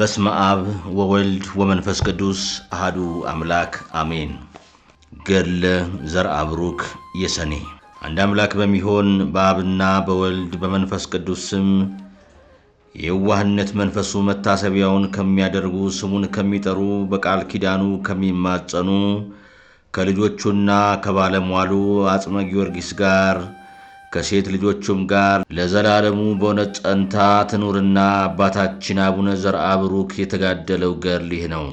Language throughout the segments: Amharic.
በስመ አብ ወወልድ ወመንፈስ ቅዱስ አህዱ አምላክ አሜን። ገድለ ዘር አብሩክ የሰኔ። አንድ አምላክ በሚሆን በአብና በወልድ በመንፈስ ቅዱስ ስም የዋህነት መንፈሱ መታሰቢያውን ከሚያደርጉ ስሙን ከሚጠሩ በቃል ኪዳኑ ከሚማጸኑ ከልጆቹና ከባለሟሉ አጽመ ጊዮርጊስ ጋር ከሴት ልጆቹም ጋር ለዘላለሙ በሆነ ጸንታ ትኑርና አባታችን አቡነ ዘርአ ብሩክ የተጋደለው ገድል ይህ ነው።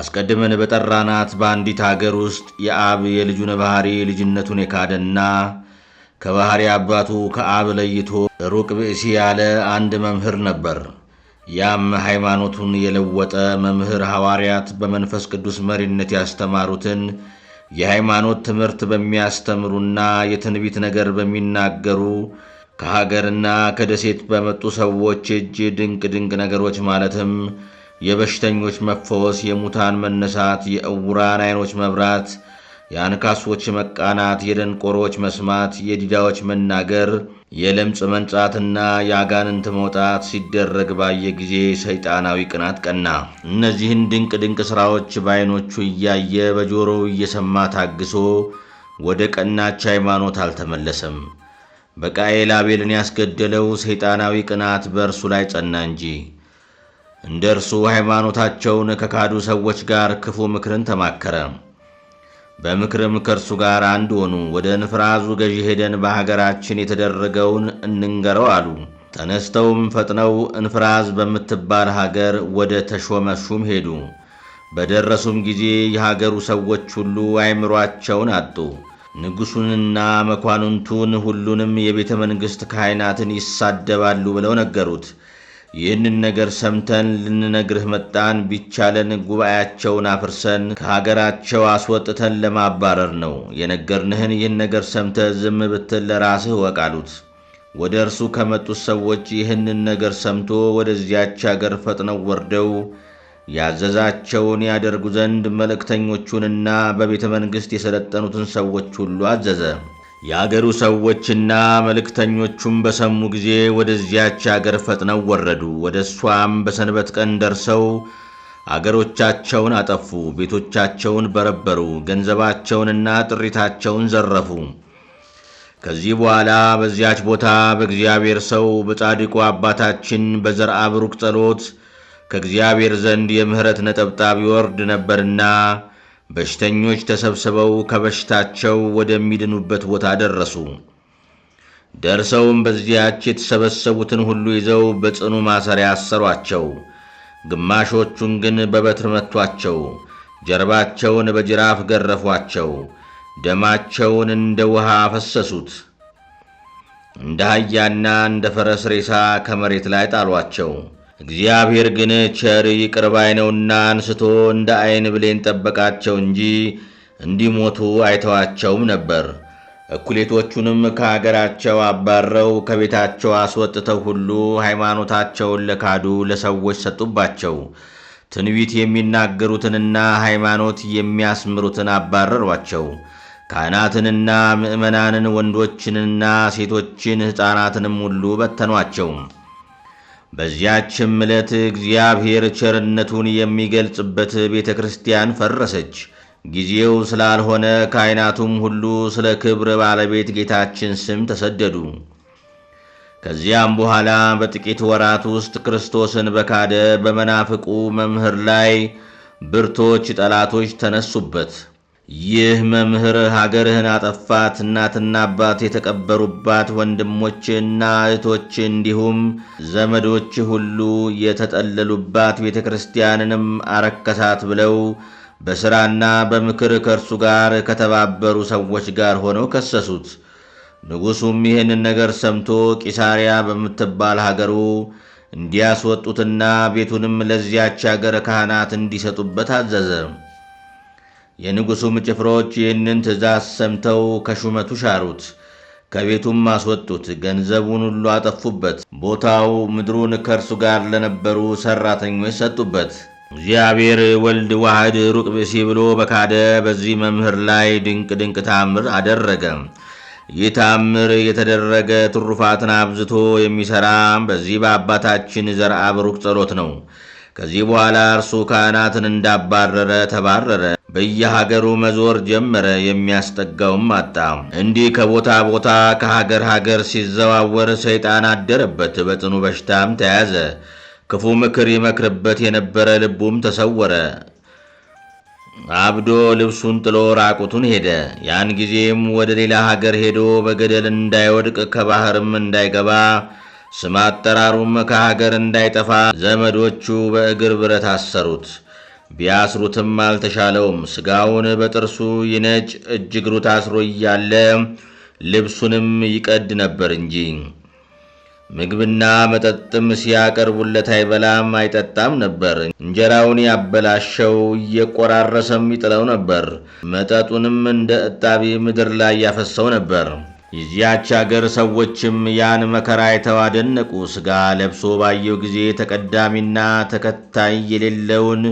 አስቀድመን በጠራናት በአንዲት አገር ውስጥ የአብ የልጁን ባሕሪ ልጅነቱን የካደና ከባሕሪ አባቱ ከአብ ለይቶ ሩቅ ብእሲ ያለ አንድ መምህር ነበር። ያም ሃይማኖቱን የለወጠ መምህር ሐዋርያት በመንፈስ ቅዱስ መሪነት ያስተማሩትን የሃይማኖት ትምህርት በሚያስተምሩና የትንቢት ነገር በሚናገሩ ከሀገርና ከደሴት በመጡ ሰዎች እጅ ድንቅ ድንቅ ነገሮች ማለትም የበሽተኞች መፈወስ፣ የሙታን መነሳት፣ የእውራን ዐይኖች መብራት፣ የአንካሶች መቃናት፣ የደንቆሮች መስማት፣ የዲዳዎች መናገር የለምጽ መንጻትና የአጋንንት መውጣት ሲደረግ ባየ ጊዜ ሰይጣናዊ ቅናት ቀና። እነዚህን ድንቅ ድንቅ ሥራዎች በዐይኖቹ እያየ በጆሮው እየሰማ ታግሶ ወደ ቀናች ሃይማኖት አልተመለሰም። በቃኤል አቤልን ያስገደለው ሰይጣናዊ ቅናት በእርሱ ላይ ጸና እንጂ። እንደ እርሱ ሃይማኖታቸውን ከካዱ ሰዎች ጋር ክፉ ምክርን ተማከረ። በምክርም ከእርሱ ጋር አንድ ሆኑ። ወደ ንፍራዙ ገዢ ሄደን በሀገራችን የተደረገውን እንንገረው አሉ። ተነስተውም ፈጥነው እንፍራዝ በምትባል ሀገር ወደ ተሾመ ሹም ሄዱ። በደረሱም ጊዜ የሀገሩ ሰዎች ሁሉ አይምሯቸውን አጡ። ንጉሡንና መኳንንቱን ሁሉንም የቤተ መንግሥት ካህናትን ይሳደባሉ ብለው ነገሩት። ይህንን ነገር ሰምተን ልንነግርህ መጣን። ቢቻለን ጉባኤያቸውን አፍርሰን ከሀገራቸው አስወጥተን ለማባረር ነው። የነገርንህን ይህን ነገር ሰምተህ ዝም ብትል ለራስህ እወቅ አሉት። ወደ እርሱ ከመጡት ሰዎች ይህንን ነገር ሰምቶ ወደዚያች አገር ፈጥነው ወርደው ያዘዛቸውን ያደርጉ ዘንድ መልእክተኞቹንና በቤተ መንግሥት የሰለጠኑትን ሰዎች ሁሉ አዘዘ። የአገሩ ሰዎችና መልእክተኞቹም በሰሙ ጊዜ ወደዚያች አገር ፈጥነው ወረዱ። ወደ እሷም በሰንበት ቀን ደርሰው አገሮቻቸውን አጠፉ፣ ቤቶቻቸውን በረበሩ፣ ገንዘባቸውንና ጥሪታቸውን ዘረፉ። ከዚህ በኋላ በዚያች ቦታ በእግዚአብሔር ሰው በጻድቁ አባታችን በዘርአ ብሩክ ጸሎት ከእግዚአብሔር ዘንድ የምሕረት ነጠብጣብ ይወርድ ነበርና በሽተኞች ተሰብስበው ከበሽታቸው ወደሚድኑበት ቦታ ደረሱ። ደርሰውም በዚያች የተሰበሰቡትን ሁሉ ይዘው በጽኑ ማሰሪያ አሰሯቸው። ግማሾቹን ግን በበትር መቷቸው፣ ጀርባቸውን በጅራፍ ገረፏቸው፣ ደማቸውን እንደ ውሃ አፈሰሱት። እንደ አህያና እንደ ፈረስ ሬሳ ከመሬት ላይ ጣሏቸው። እግዚአብሔር ግን ቸር ይቅርባይ ነውና አንስቶ እንደ ዐይን ብሌን ጠበቃቸው እንጂ እንዲሞቱ አይተዋቸውም ነበር። እኩሌቶቹንም ከአገራቸው አባረው ከቤታቸው አስወጥተው ሁሉ ሃይማኖታቸውን ለካዱ ለሰዎች ሰጡባቸው። ትንቢት የሚናገሩትንና ሃይማኖት የሚያስምሩትን አባረሯቸው። ካህናትንና ምዕመናንን፣ ወንዶችንና ሴቶችን፣ ሕፃናትንም ሁሉ በተኗቸው። በዚያችም ዕለት እግዚአብሔር ቸርነቱን የሚገልጽበት ቤተ ክርስቲያን ፈረሰች። ጊዜው ስላልሆነ ካህናቱም ሁሉ ስለ ክብር ባለቤት ጌታችን ስም ተሰደዱ። ከዚያም በኋላ በጥቂት ወራት ውስጥ ክርስቶስን በካደ በመናፍቁ መምህር ላይ ብርቶች ጠላቶች ተነሱበት። ይህ መምህር ሀገርህን አጠፋት፣ እናትና አባት የተቀበሩባት ወንድሞችና እህቶች እንዲሁም ዘመዶች ሁሉ የተጠለሉባት ቤተ ክርስቲያንንም አረከሳት ብለው በሥራና በምክር ከእርሱ ጋር ከተባበሩ ሰዎች ጋር ሆነው ከሰሱት። ንጉሡም ይህንን ነገር ሰምቶ ቂሳሪያ በምትባል ሀገሩ እንዲያስወጡትና ቤቱንም ለዚያች አገር ካህናት እንዲሰጡበት አዘዘ። የንጉሡም ጭፍሮች ይህንን ትእዛዝ ሰምተው ከሹመቱ ሻሩት፣ ከቤቱም አስወጡት። ገንዘቡን ሁሉ አጠፉበት። ቦታው ምድሩን ከእርሱ ጋር ለነበሩ ሠራተኞች ሰጡበት። እግዚአብሔር ወልድ ዋህድ ሩቅ ብእሲ ብሎ በካደ በዚህ መምህር ላይ ድንቅ ድንቅ ታምር አደረገ። ይህ ታምር የተደረገ ትሩፋትን አብዝቶ የሚሠራ በዚህ በአባታችን ዘርአ ብሩክ ጸሎት ነው። ከዚህ በኋላ እርሱ ካህናትን እንዳባረረ ተባረረ። በየሀገሩ መዞር ጀመረ፣ የሚያስጠጋውም አጣ። እንዲህ ከቦታ ቦታ ከሀገር ሀገር ሲዘዋወር ሰይጣን አደረበት፣ በጽኑ በሽታም ተያዘ። ክፉ ምክር ይመክርበት የነበረ ልቡም ተሰወረ። አብዶ ልብሱን ጥሎ ራቁቱን ሄደ። ያን ጊዜም ወደ ሌላ ሀገር ሄዶ በገደል እንዳይወድቅ ከባህርም እንዳይገባ ስም አጠራሩም ከሀገር እንዳይጠፋ ዘመዶቹ በእግር ብረት አሰሩት። ቢያስሩትም አልተሻለውም። ሥጋውን በጥርሱ ይነጭ እጅ እግሩ ታስሮ እያለ ልብሱንም ይቀድ ነበር እንጂ ምግብና መጠጥም ሲያቀርቡለት አይበላም አይጠጣም ነበር። እንጀራውን ያበላሸው እየቆራረሰም ይጥለው ነበር። መጠጡንም እንደ እጣቢ ምድር ላይ ያፈሰው ነበር። የዚያች አገር ሰዎችም ያን መከራ አይተው አደነቁ። ሥጋ ለብሶ ባየው ጊዜ ተቀዳሚና ተከታይ የሌለውን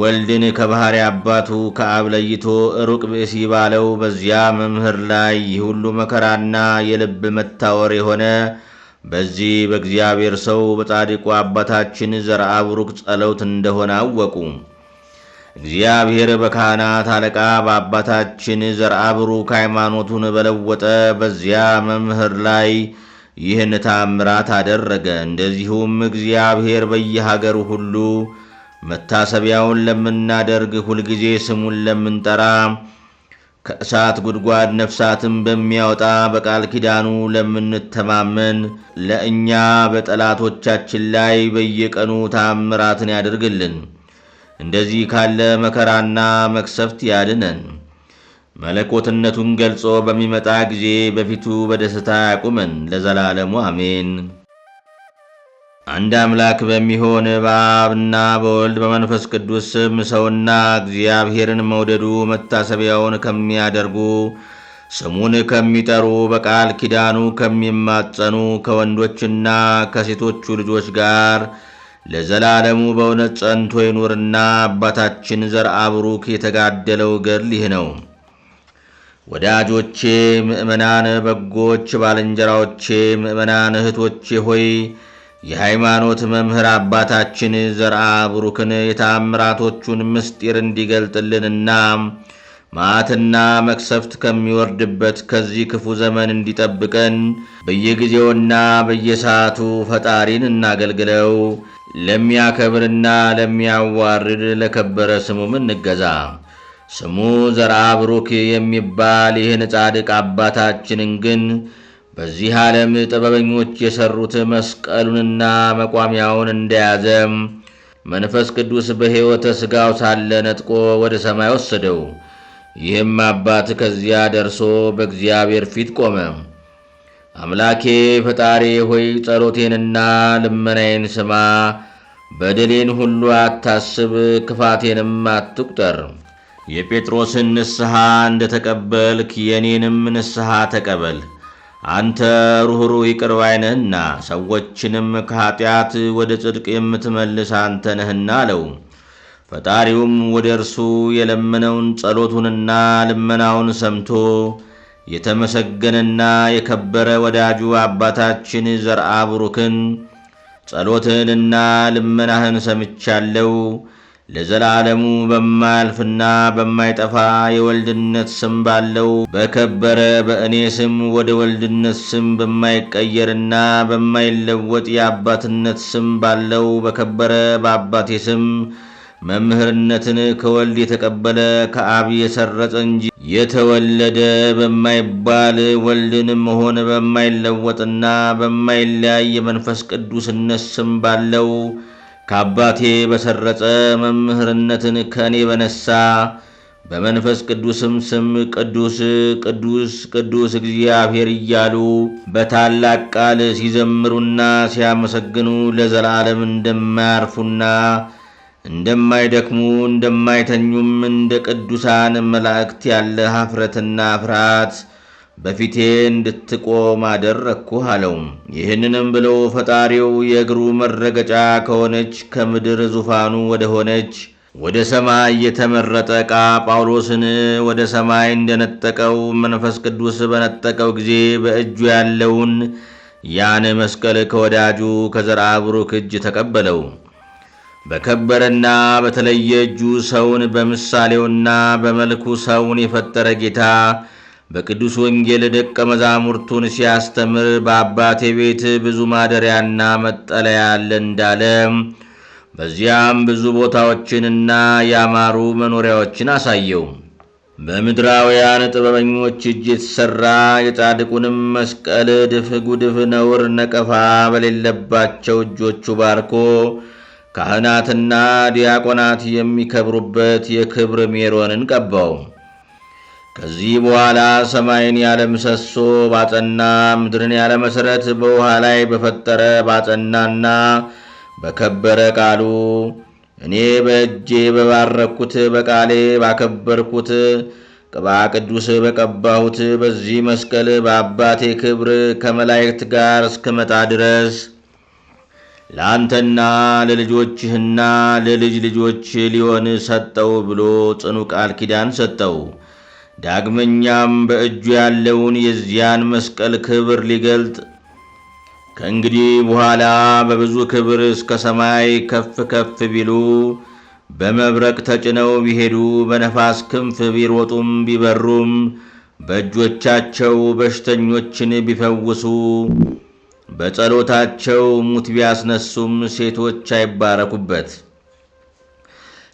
ወልድን ከባሕሪ አባቱ ከአብ ለይቶ ሩቅ ብእሲ ባለው በዚያ መምህር ላይ ይህ ሁሉ መከራና የልብ መታወር የሆነ በዚህ በእግዚአብሔር ሰው በጻድቁ አባታችን ዘርአ ቡሩክ ጸሎት እንደሆነ አወቁ። እግዚአብሔር በካህናት አለቃ በአባታችን ዘርአ ብሩክ ሃይማኖቱን በለወጠ በዚያ መምህር ላይ ይህን ታምራት አደረገ። እንደዚሁም እግዚአብሔር በየሀገሩ ሁሉ መታሰቢያውን ለምናደርግ ሁልጊዜ ስሙን ለምንጠራ ከእሳት ጉድጓድ ነፍሳትን በሚያወጣ በቃል ኪዳኑ ለምንተማመን ለእኛ በጠላቶቻችን ላይ በየቀኑ ታምራትን ያደርግልን። እንደዚህ ካለ መከራና መቅሰፍት ያድነን። መለኮትነቱን ገልጾ በሚመጣ ጊዜ በፊቱ በደስታ ያቁመን ለዘላለሙ አሜን። አንድ አምላክ በሚሆን በአብና በወልድ በመንፈስ ቅዱስ ስም ሰውና እግዚአብሔርን መውደዱ መታሰቢያውን ከሚያደርጉ ስሙን ከሚጠሩ በቃል ኪዳኑ ከሚማጸኑ ከወንዶችና ከሴቶቹ ልጆች ጋር ለዘላለሙ በእውነት ጸንቶ ይኑርና አባታችን ዘርአ ብሩክ የተጋደለው ገድል ይህ ነው። ወዳጆቼ ምእመናን በጎች፣ ባልንጀራዎቼ ምእመናን እህቶቼ ሆይ የሃይማኖት መምህር አባታችን ዘርአ ብሩክን የታምራቶቹን ምስጢር እንዲገልጥልንና ማትና መክሰፍት ከሚወርድበት ከዚህ ክፉ ዘመን እንዲጠብቀን በየጊዜውና በየሰዓቱ ፈጣሪን እናገልግለው። ለሚያከብርና ለሚያዋርድ ለከበረ ስሙም እንገዛ። ስሙ ዘርአ ብሩክ የሚባል ይህን ጻድቅ አባታችንን ግን በዚህ ዓለም ጥበበኞች የሠሩት መስቀሉንና መቋሚያውን እንደያዘ መንፈስ ቅዱስ በሕይወተ ሥጋው ሳለ ነጥቆ ወደ ሰማይ ወሰደው። ይህም አባት ከዚያ ደርሶ በእግዚአብሔር ፊት ቆመ። አምላኬ ፈጣሪ ሆይ ጸሎቴንና ልመናዬን ስማ። በደሌን ሁሉ አታስብ፣ ክፋቴንም አትቁጠር። የጴጥሮስን ንስሐ እንደ ተቀበልክ የእኔንም ንስሐ ተቀበል። አንተ ርኅሩኅ ይቅር ባይ ነህና ሰዎችንም ከኀጢአት ወደ ጽድቅ የምትመልስ አንተ ነህና አለው። ፈጣሪውም ወደ እርሱ የለመነውን ጸሎቱንና ልመናውን ሰምቶ የተመሰገነና የከበረ ወዳጁ አባታችን ዘርአ ቡሩክን ጸሎትህንና ልመናህን ሰምቻለው። ለዘላለሙ በማያልፍና በማይጠፋ የወልድነት ስም ባለው በከበረ በእኔ ስም ወደ ወልድነት ስም በማይቀየርና በማይለወጥ የአባትነት ስም ባለው በከበረ በአባቴ ስም መምህርነትን ከወልድ የተቀበለ ከአብ የሰረጸ እንጂ የተወለደ በማይባል ወልድንም መሆን በማይለወጥና በማይለያይ የመንፈስ ቅዱስነት ስም ባለው ከአባቴ በሰረጸ መምህርነትን ከእኔ በነሳ በመንፈስ ቅዱስም ስም ቅዱስ ቅዱስ ቅዱስ እግዚአብሔር እያሉ በታላቅ ቃል ሲዘምሩና ሲያመሰግኑ ለዘላለም እንደማያርፉና እንደማይደክሙ እንደማይተኙም እንደ ቅዱሳን መላእክት ያለ ሀፍረትና ፍርሃት በፊቴ እንድትቆም አደረግኩህ አለው። ይህንንም ብሎ ፈጣሪው የእግሩ መረገጫ ከሆነች ከምድር ዙፋኑ ወደ ሆነች ወደ ሰማይ የተመረጠ ዕቃ ጳውሎስን ወደ ሰማይ እንደነጠቀው መንፈስ ቅዱስ በነጠቀው ጊዜ በእጁ ያለውን ያን መስቀል ከወዳጁ ከዘርአ ብሩክ እጅ ተቀበለው። በከበረና በተለየ እጁ ሰውን በምሳሌውና በመልኩ ሰውን የፈጠረ ጌታ በቅዱስ ወንጌል ደቀ መዛሙርቱን ሲያስተምር በአባቴ ቤት ብዙ ማደሪያና መጠለያ አለ እንዳለ በዚያም ብዙ ቦታዎችንና ያማሩ መኖሪያዎችን አሳየው። በምድራውያን ጥበበኞች እጅ የተሠራ የጻድቁንም መስቀል ድፍ ጉድፍ ነውር ነቀፋ በሌለባቸው እጆቹ ባርኮ ካህናትና ዲያቆናት የሚከብሩበት የክብር ሜሮንን ቀባው። ከዚህ በኋላ ሰማይን ያለ ምሰሶ ባጸና ምድርን ያለ መሠረት በውሃ ላይ በፈጠረ ባጸናና በከበረ ቃሉ እኔ በእጄ በባረኩት በቃሌ ባከበርኩት ቅባ ቅዱስ በቀባሁት በዚህ መስቀል በአባቴ ክብር ከመላእክት ጋር እስክመጣ ድረስ ለአንተና ለልጆችህና ለልጅ ልጆች ሊሆን ሰጠው ብሎ ጽኑ ቃል ኪዳን ሰጠው። ዳግመኛም በእጁ ያለውን የዚያን መስቀል ክብር ሊገልጥ ከእንግዲህ በኋላ በብዙ ክብር እስከ ሰማይ ከፍ ከፍ ቢሉ በመብረቅ ተጭነው ቢሄዱ በነፋስ ክንፍ ቢሮጡም ቢበሩም በእጆቻቸው በሽተኞችን ቢፈውሱ በጸሎታቸው ሙት ቢያስነሱም ሴቶች አይባረኩበት።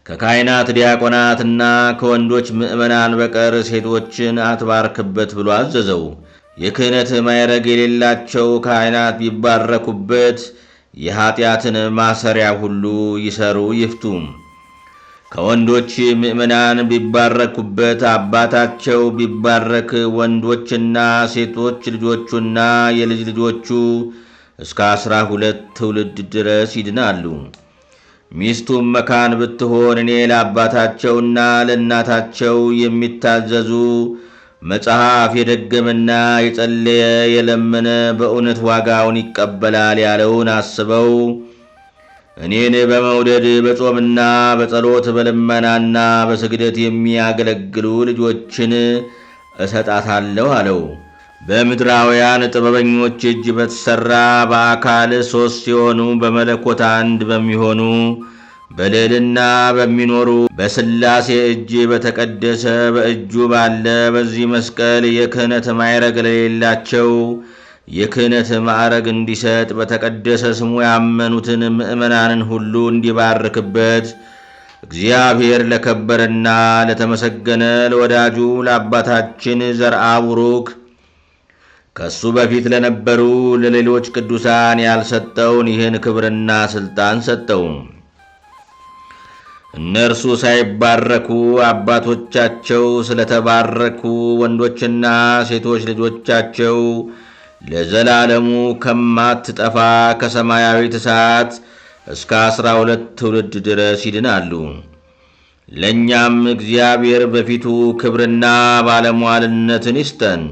ከካህናት ዲያቆናትና ከወንዶች ምዕመናን በቀር ሴቶችን አትባርክበት ብሎ አዘዘው። የክህነት ማዕረግ የሌላቸው ካህናት ቢባረኩበት የኀጢአትን ማሰሪያ ሁሉ ይሰሩ ይፍቱም። ከወንዶች ምእመናን ቢባረኩበት አባታቸው ቢባረክ ወንዶችና ሴቶች ልጆቹና የልጅ ልጆቹ እስከ አስራ ሁለት ትውልድ ድረስ ይድናሉ። ሚስቱም መካን ብትሆን እኔ ለአባታቸውና ለእናታቸው የሚታዘዙ መጽሐፍ የደገመና የጸለየ የለመነ በእውነት ዋጋውን ይቀበላል ያለውን አስበው እኔን በመውደድ በጾምና በጸሎት በልመናና በስግደት የሚያገለግሉ ልጆችን እሰጣታለሁ አለው። በምድራውያን ጥበበኞች እጅ በተሠራ በአካል ሦስት ሲሆኑ በመለኮት አንድ በሚሆኑ በልዕልና በሚኖሩ በሥላሴ እጅ በተቀደሰ በእጁ ባለ በዚህ መስቀል የክህነት ማዕረግ ለሌላቸው የክህነት ማዕረግ እንዲሰጥ በተቀደሰ ስሙ ያመኑትን ምእመናንን ሁሉ እንዲባርክበት እግዚአብሔር ለከበረና ለተመሰገነ ለወዳጁ ለአባታችን ዘርአ ቡሩክ ከእሱ በፊት ለነበሩ ለሌሎች ቅዱሳን ያልሰጠውን ይህን ክብርና ሥልጣን ሰጠው። እነርሱ ሳይባረኩ አባቶቻቸው ስለተባረኩ ወንዶችና ሴቶች ልጆቻቸው ለዘላለሙ ከማትጠፋ ከሰማያዊት እሳት እስከ ዐሥራ ሁለት ትውልድ ድረስ ይድናሉ። ለእኛም እግዚአብሔር በፊቱ ክብርና ባለሟልነትን ይስጠን፣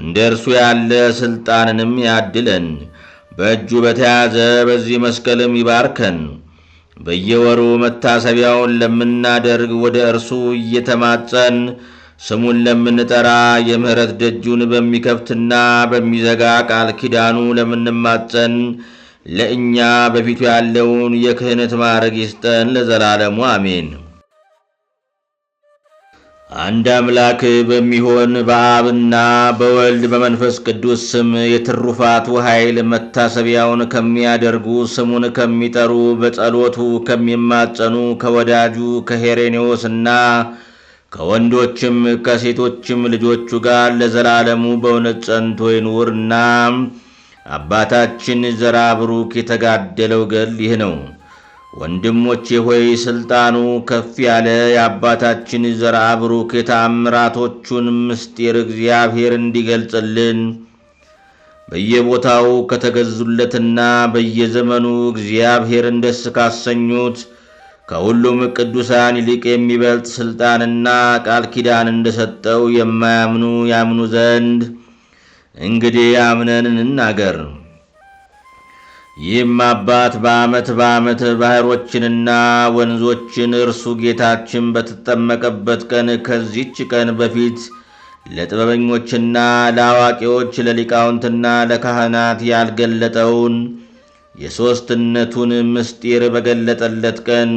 እንደ እርሱ ያለ ሥልጣንንም ያድለን፣ በእጁ በተያዘ በዚህ መስቀልም ይባርከን። በየወሩ መታሰቢያውን ለምናደርግ ወደ እርሱ እየተማጸን ስሙን ለምንጠራ የምሕረት ደጁን በሚከፍትና በሚዘጋ ቃል ኪዳኑ ለምንማጸን ለእኛ በፊቱ ያለውን የክህነት ማዕረግ ይስጠን ለዘላለሙ አሜን። አንድ አምላክ በሚሆን በአብና በወልድ በመንፈስ ቅዱስ ስም የትሩፋቱ ኃይል መታሰቢያውን ከሚያደርጉ ስሙን ከሚጠሩ በጸሎቱ ከሚማጸኑ ከወዳጁ ከሄሬኔዎስና ከወንዶችም ከሴቶችም ልጆቹ ጋር ለዘላለሙ በእውነት ጸንቶ ይኑርና አባታችን ዘራ ብሩክ የተጋደለው ገል ይህ ነው። ወንድሞቼ ሆይ ሥልጣኑ ከፍ ያለ የአባታችን ዘራ ብሩክ የታምራቶቹን ምስጢር እግዚአብሔር እንዲገልጽልን በየቦታው ከተገዙለትና በየዘመኑ እግዚአብሔርን ደስ ካሰኙት ከሁሉም ቅዱሳን ይልቅ የሚበልጥ ሥልጣንና ቃል ኪዳን እንደሰጠው የማያምኑ ያምኑ ዘንድ እንግዲህ አምነን እንናገር። ይህም አባት በዓመት በዓመት ባሕሮችንና ወንዞችን እርሱ ጌታችን በተጠመቀበት ቀን ከዚች ቀን በፊት ለጥበበኞችና ለአዋቂዎች ለሊቃውንትና ለካህናት ያልገለጠውን የሦስትነቱን ምስጢር በገለጠለት ቀን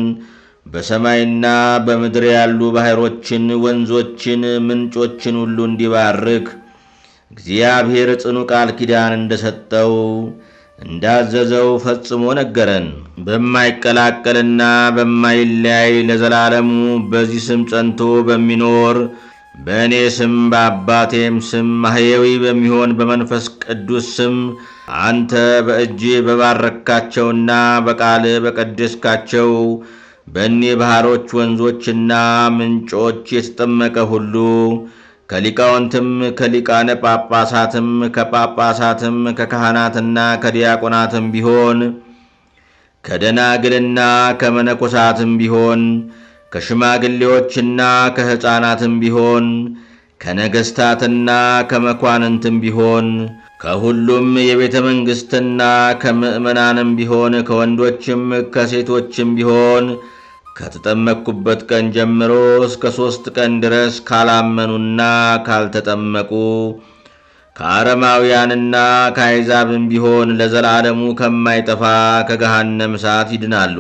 በሰማይና በምድር ያሉ ባሕሮችን፣ ወንዞችን፣ ምንጮችን ሁሉ እንዲባርክ እግዚአብሔር ጽኑ ቃል ኪዳን እንደሰጠው እንዳዘዘው ፈጽሞ ነገረን። በማይቀላቀልና በማይለያይ ለዘላለሙ በዚህ ስም ጸንቶ በሚኖር በእኔ ስም በአባቴም ስም ማሕየዊ በሚሆን በመንፈስ ቅዱስ ስም አንተ በእጅ በባረካቸውና በቃል በቀደስካቸው በእኔ ባሕሮች ወንዞችና ምንጮች የተጠመቀ ሁሉ ከሊቃውንትም ከሊቃነ ጳጳሳትም ከጳጳሳትም ከካህናትና ከዲያቆናትም ቢሆን ከደናግልና ከመነኮሳትም ቢሆን ከሽማግሌዎችና ከሕፃናትም ቢሆን ከነገሥታትና ከመኳንንትም ቢሆን ከሁሉም የቤተ መንግሥትና ከምዕመናንም ቢሆን ከወንዶችም ከሴቶችም ቢሆን ከተጠመቅኩበት ቀን ጀምሮ እስከ ሦስት ቀን ድረስ ካላመኑና ካልተጠመቁ ከአረማውያንና ከአሕዛብም ቢሆን ለዘላለሙ ከማይጠፋ ከገሃነም እሳት ይድናሉ።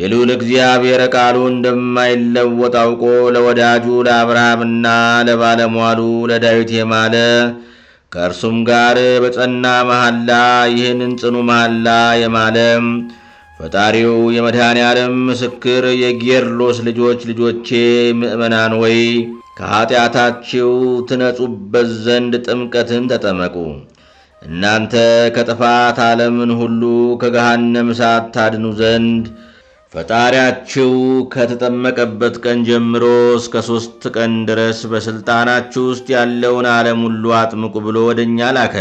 የልዑል እግዚአብሔር ቃሉ እንደማይለወጥ አውቆ ለወዳጁ ለአብርሃምና ለባለሟሉ ለዳዊት የማለ ከእርሱም ጋር በጸና መሐላ ይህንን ጽኑ መሐላ የማለም ፈጣሪው የመድኃኔ ዓለም ምስክር የጌርሎስ ልጆች ልጆቼ ምእመናን ወይ ከኀጢአታችሁ ትነጹበት ዘንድ ጥምቀትን ተጠመቁ። እናንተ ከጥፋት ዓለምን ሁሉ ከገሃነም እሳት ታድኑ ዘንድ ፈጣሪያችሁ ከተጠመቀበት ቀን ጀምሮ እስከ ሦስት ቀን ድረስ በሥልጣናችሁ ውስጥ ያለውን ዓለም ሁሉ አጥምቁ ብሎ ወደ እኛ ላከ።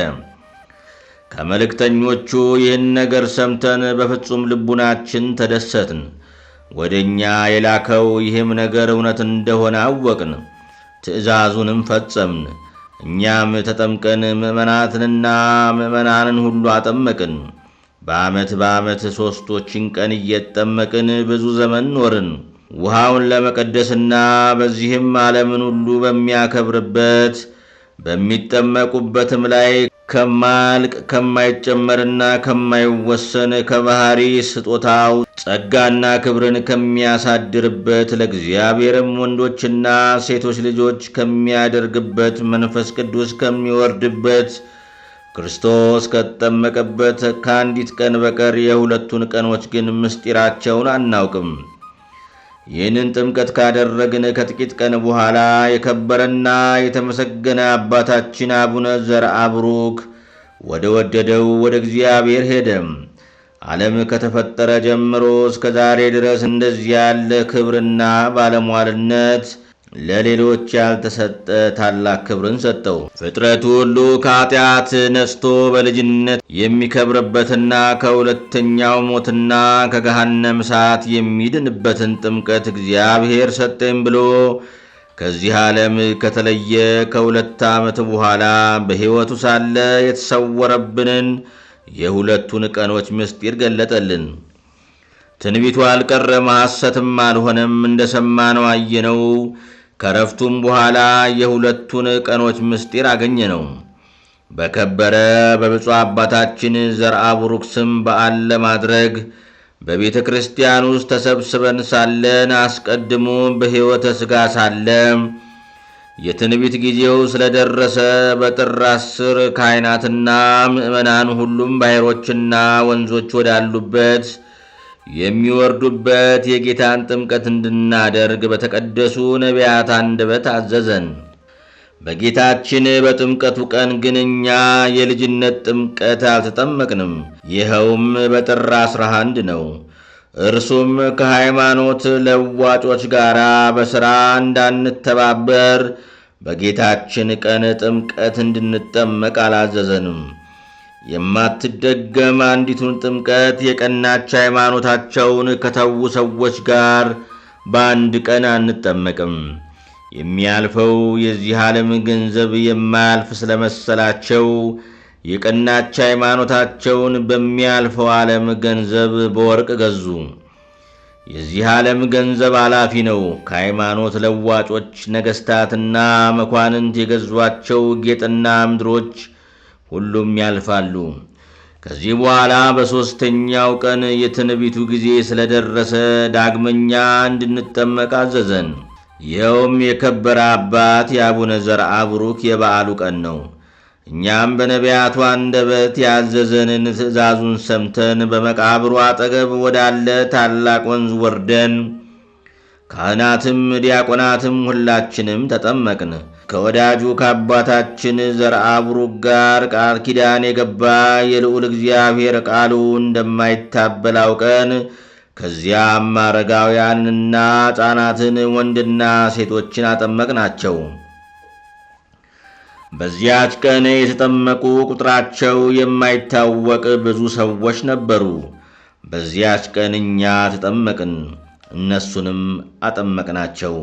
ከመልእክተኞቹ ይህን ነገር ሰምተን በፍጹም ልቡናችን ተደሰትን። ወደ እኛ የላከው ይህም ነገር እውነት እንደሆነ አወቅን፣ ትእዛዙንም ፈጸምን። እኛም ተጠምቀን ምዕመናትንና ምዕመናንን ሁሉ አጠመቅን። በዓመት በዓመት ሦስቶችን ቀን እየጠመቅን ብዙ ዘመን ኖርን። ውሃውን ለመቀደስና በዚህም ዓለምን ሁሉ በሚያከብርበት በሚጠመቁበትም ላይ ከማያልቅ ከማይጨመርና ከማይወሰን ከባሕሪ ስጦታው ጸጋና ክብርን ከሚያሳድርበት ለእግዚአብሔርም ወንዶችና ሴቶች ልጆች ከሚያደርግበት መንፈስ ቅዱስ ከሚወርድበት ክርስቶስ ከተጠመቀበት ከአንዲት ቀን በቀር የሁለቱን ቀኖች ግን ምስጢራቸውን አናውቅም። ይህንን ጥምቀት ካደረግን ከጥቂት ቀን በኋላ የከበረና የተመሰገነ አባታችን አቡነ ዘርአ ብሩክ ወደ ወደደው ወደ እግዚአብሔር ሄደም። ዓለም ከተፈጠረ ጀምሮ እስከ ዛሬ ድረስ እንደዚህ ያለ ክብርና ባለሟልነት ለሌሎች ያልተሰጠ ታላቅ ክብርን ሰጠው። ፍጥረቱ ሁሉ ከኃጢአት ነስቶ በልጅነት የሚከብርበትና ከሁለተኛው ሞትና ከገሃነም እሳት የሚድንበትን ጥምቀት እግዚአብሔር ሰጠኝ ብሎ ከዚህ ዓለም ከተለየ ከሁለት ዓመት በኋላ በሕይወቱ ሳለ የተሰወረብንን የሁለቱን ቀኖች ምስጢር ገለጠልን። ትንቢቱ አልቀረም፣ ሐሰትም አልሆነም። ሰማነው አየነው። ከረፍቱም በኋላ የሁለቱን ቀኖች ምስጢር አገኘ ነው። በከበረ በብፁዕ አባታችን ዘርአ ቡሩክ ስም በዓል ለማድረግ በቤተ ክርስቲያን ውስጥ ተሰብስበን ሳለን አስቀድሞ በሕይወተ ሥጋ ሳለ የትንቢት ጊዜው ስለደረሰ በጥር አስር ካህናትና ምዕመናን ሁሉም ባሕሮችና ወንዞች ወዳሉበት የሚወርዱበት የጌታን ጥምቀት እንድናደርግ በተቀደሱ ነቢያት አንደበት አዘዘን። በጌታችን በጥምቀቱ ቀን ግን እኛ የልጅነት ጥምቀት አልተጠመቅንም። ይኸውም በጥር አስራ አንድ ነው። እርሱም ከሃይማኖት ለዋጮች ጋር በሥራ እንዳንተባበር በጌታችን ቀን ጥምቀት እንድንጠመቅ አላዘዘንም። የማትደገም አንዲቱን ጥምቀት የቀናች ሃይማኖታቸውን ከተዉ ሰዎች ጋር በአንድ ቀን አንጠመቅም። የሚያልፈው የዚህ ዓለም ገንዘብ የማያልፍ ስለመሰላቸው የቀናች ሃይማኖታቸውን በሚያልፈው ዓለም ገንዘብ በወርቅ ገዙ። የዚህ ዓለም ገንዘብ አላፊ ነው። ከሃይማኖት ለዋጮች ነገሥታትና መኳንንት የገዟቸው ጌጥና ምድሮች ሁሉም ያልፋሉ። ከዚህ በኋላ በሦስተኛው ቀን የትንቢቱ ጊዜ ስለደረሰ ዳግመኛ እንድንጠመቅ አዘዘን። ይኸውም የከበረ አባት የአቡነ ዘርአ ቡሩክ የበዓሉ ቀን ነው። እኛም በነቢያቱ አንደበት ያዘዘንን ትእዛዙን ሰምተን በመቃብሩ አጠገብ ወዳለ ታላቅ ወንዝ ወርደን ካህናትም ዲያቆናትም ሁላችንም ተጠመቅን። ከወዳጁ ከአባታችን ዘር ቡሩክ ጋር ቃል ኪዳን የገባ የልዑል እግዚአብሔር ቃሉ እንደማይታበል አውቀን ከዚያም አረጋውያንና ሕፃናትን ወንድና ሴቶችን አጠመቅናቸው። በዚያች ቀን የተጠመቁ ቁጥራቸው የማይታወቅ ብዙ ሰዎች ነበሩ። በዚያች ቀን እኛ ተጠመቅን። እነሱንም አጠመቅናቸው።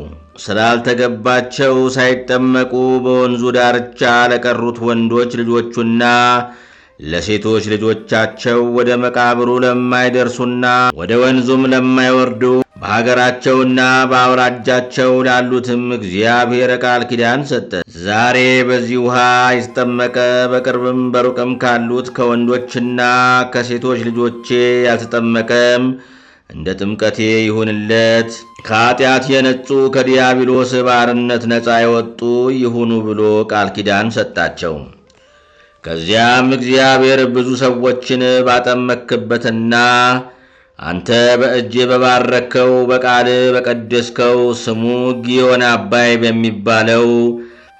ስላልተገባቸው ሳይጠመቁ በወንዙ ዳርቻ ለቀሩት ወንዶች ልጆቹና ለሴቶች ልጆቻቸው ወደ መቃብሩ ለማይደርሱና ወደ ወንዙም ለማይወርዱ በሀገራቸውና በአውራጃቸው ላሉትም እግዚአብሔር ቃል ኪዳን ሰጠ። ዛሬ በዚህ ውሃ የተጠመቀ በቅርብም በሩቅም ካሉት ከወንዶችና ከሴቶች ልጆቼ ያልተጠመቀም እንደ ጥምቀቴ ይሁንለት ከኃጢአት የነጹ ከዲያብሎስ ባርነት ነፃ የወጡ ይሁኑ ብሎ ቃል ኪዳን ሰጣቸው። ከዚያም እግዚአብሔር ብዙ ሰዎችን ባጠመክበትና አንተ በእጅ በባረከው በቃል በቀደስከው ስሙ ጊዮን አባይ በሚባለው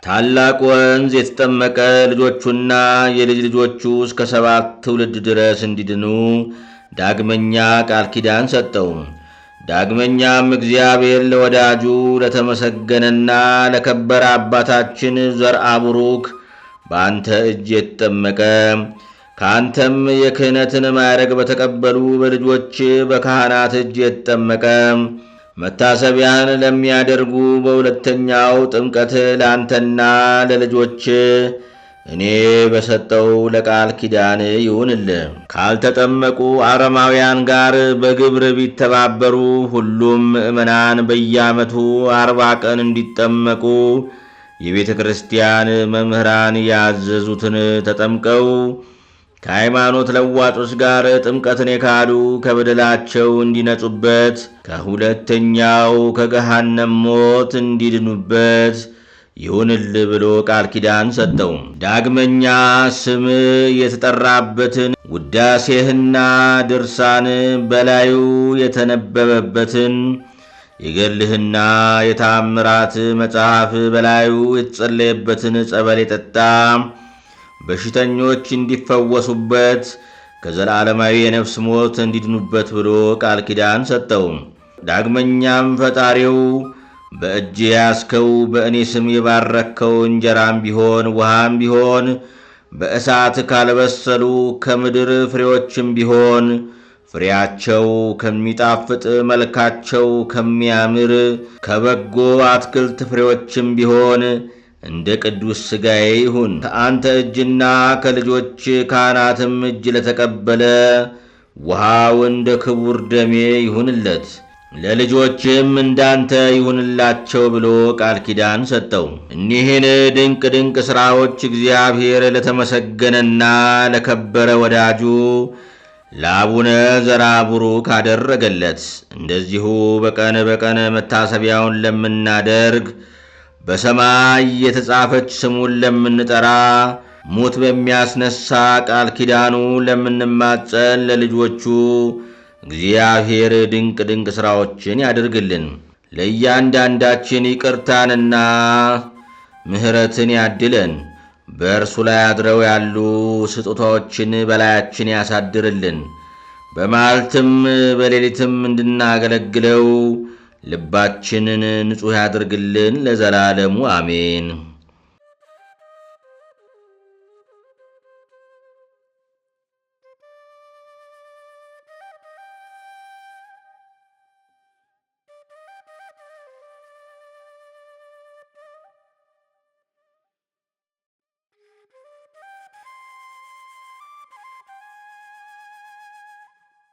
ታላቅ ወንዝ የተጠመቀ ልጆቹና የልጅ ልጆቹ እስከ ሰባት ትውልድ ድረስ እንዲድኑ ዳግመኛ ቃል ኪዳን ሰጠው። ዳግመኛም እግዚአብሔር ለወዳጁ ለተመሰገነና ለከበረ አባታችን ዘርአ ቡሩክ በአንተ እጅ የተጠመቀ ከአንተም የክህነትን ማዕረግ በተቀበሉ በልጆች በካህናት እጅ የተጠመቀ መታሰቢያን ለሚያደርጉ በሁለተኛው ጥምቀት ለአንተና ለልጆች እኔ በሰጠው ለቃል ኪዳን ይሁንል። ካልተጠመቁ አረማውያን ጋር በግብር ቢተባበሩ ሁሉም ምዕመናን በየዓመቱ አርባ ቀን እንዲጠመቁ የቤተ ክርስቲያን መምህራን ያዘዙትን ተጠምቀው ከሃይማኖት ለዋጮች ጋር ጥምቀትን የካዱ ከበደላቸው እንዲነጹበት ከሁለተኛው ከገሃነም ሞት እንዲድኑበት ይሁንል ብሎ ቃል ኪዳን ሰጠው። ዳግመኛ ስም የተጠራበትን ውዳሴህና ድርሳን በላዩ የተነበበበትን የገልህና የታምራት መጽሐፍ በላዩ የተጸለየበትን ጸበል የጠጣ በሽተኞች እንዲፈወሱበት ከዘላለማዊ የነፍስ ሞት እንዲድኑበት ብሎ ቃል ኪዳን ሰጠው። ዳግመኛም ፈጣሪው በእጅ ያስከው በእኔ ስም የባረከው እንጀራም ቢሆን ውሃም ቢሆን በእሳት ካልበሰሉ ከምድር ፍሬዎችም ቢሆን ፍሬያቸው ከሚጣፍጥ መልካቸው ከሚያምር ከበጎ አትክልት ፍሬዎችም ቢሆን እንደ ቅዱስ ሥጋዬ ይሁን። ከአንተ እጅና ከልጆች ካህናትም እጅ ለተቀበለ ውሃው እንደ ክቡር ደሜ ይሁንለት። ለልጆችም እንዳንተ ይሁንላቸው ብሎ ቃል ኪዳን ሰጠው። እኒህን ድንቅ ድንቅ ሥራዎች እግዚአብሔር ለተመሰገነና ለከበረ ወዳጁ ለአቡነ ዘራቡሩ ካደረገለት! እንደዚሁ በቀን በቀን መታሰቢያውን ለምናደርግ በሰማይ የተጻፈች ስሙን ለምንጠራ ሙት በሚያስነሳ ቃል ኪዳኑ ለምንማጸን ለልጆቹ እግዚአብሔር ድንቅ ድንቅ ሥራዎችን ያድርግልን። ለእያንዳንዳችን ይቅርታንና ምሕረትን ያድለን። በእርሱ ላይ አድረው ያሉ ስጦታዎችን በላያችን ያሳድርልን። በማልትም በሌሊትም እንድናገለግለው ልባችንን ንጹሕ ያድርግልን። ለዘላለሙ አሜን።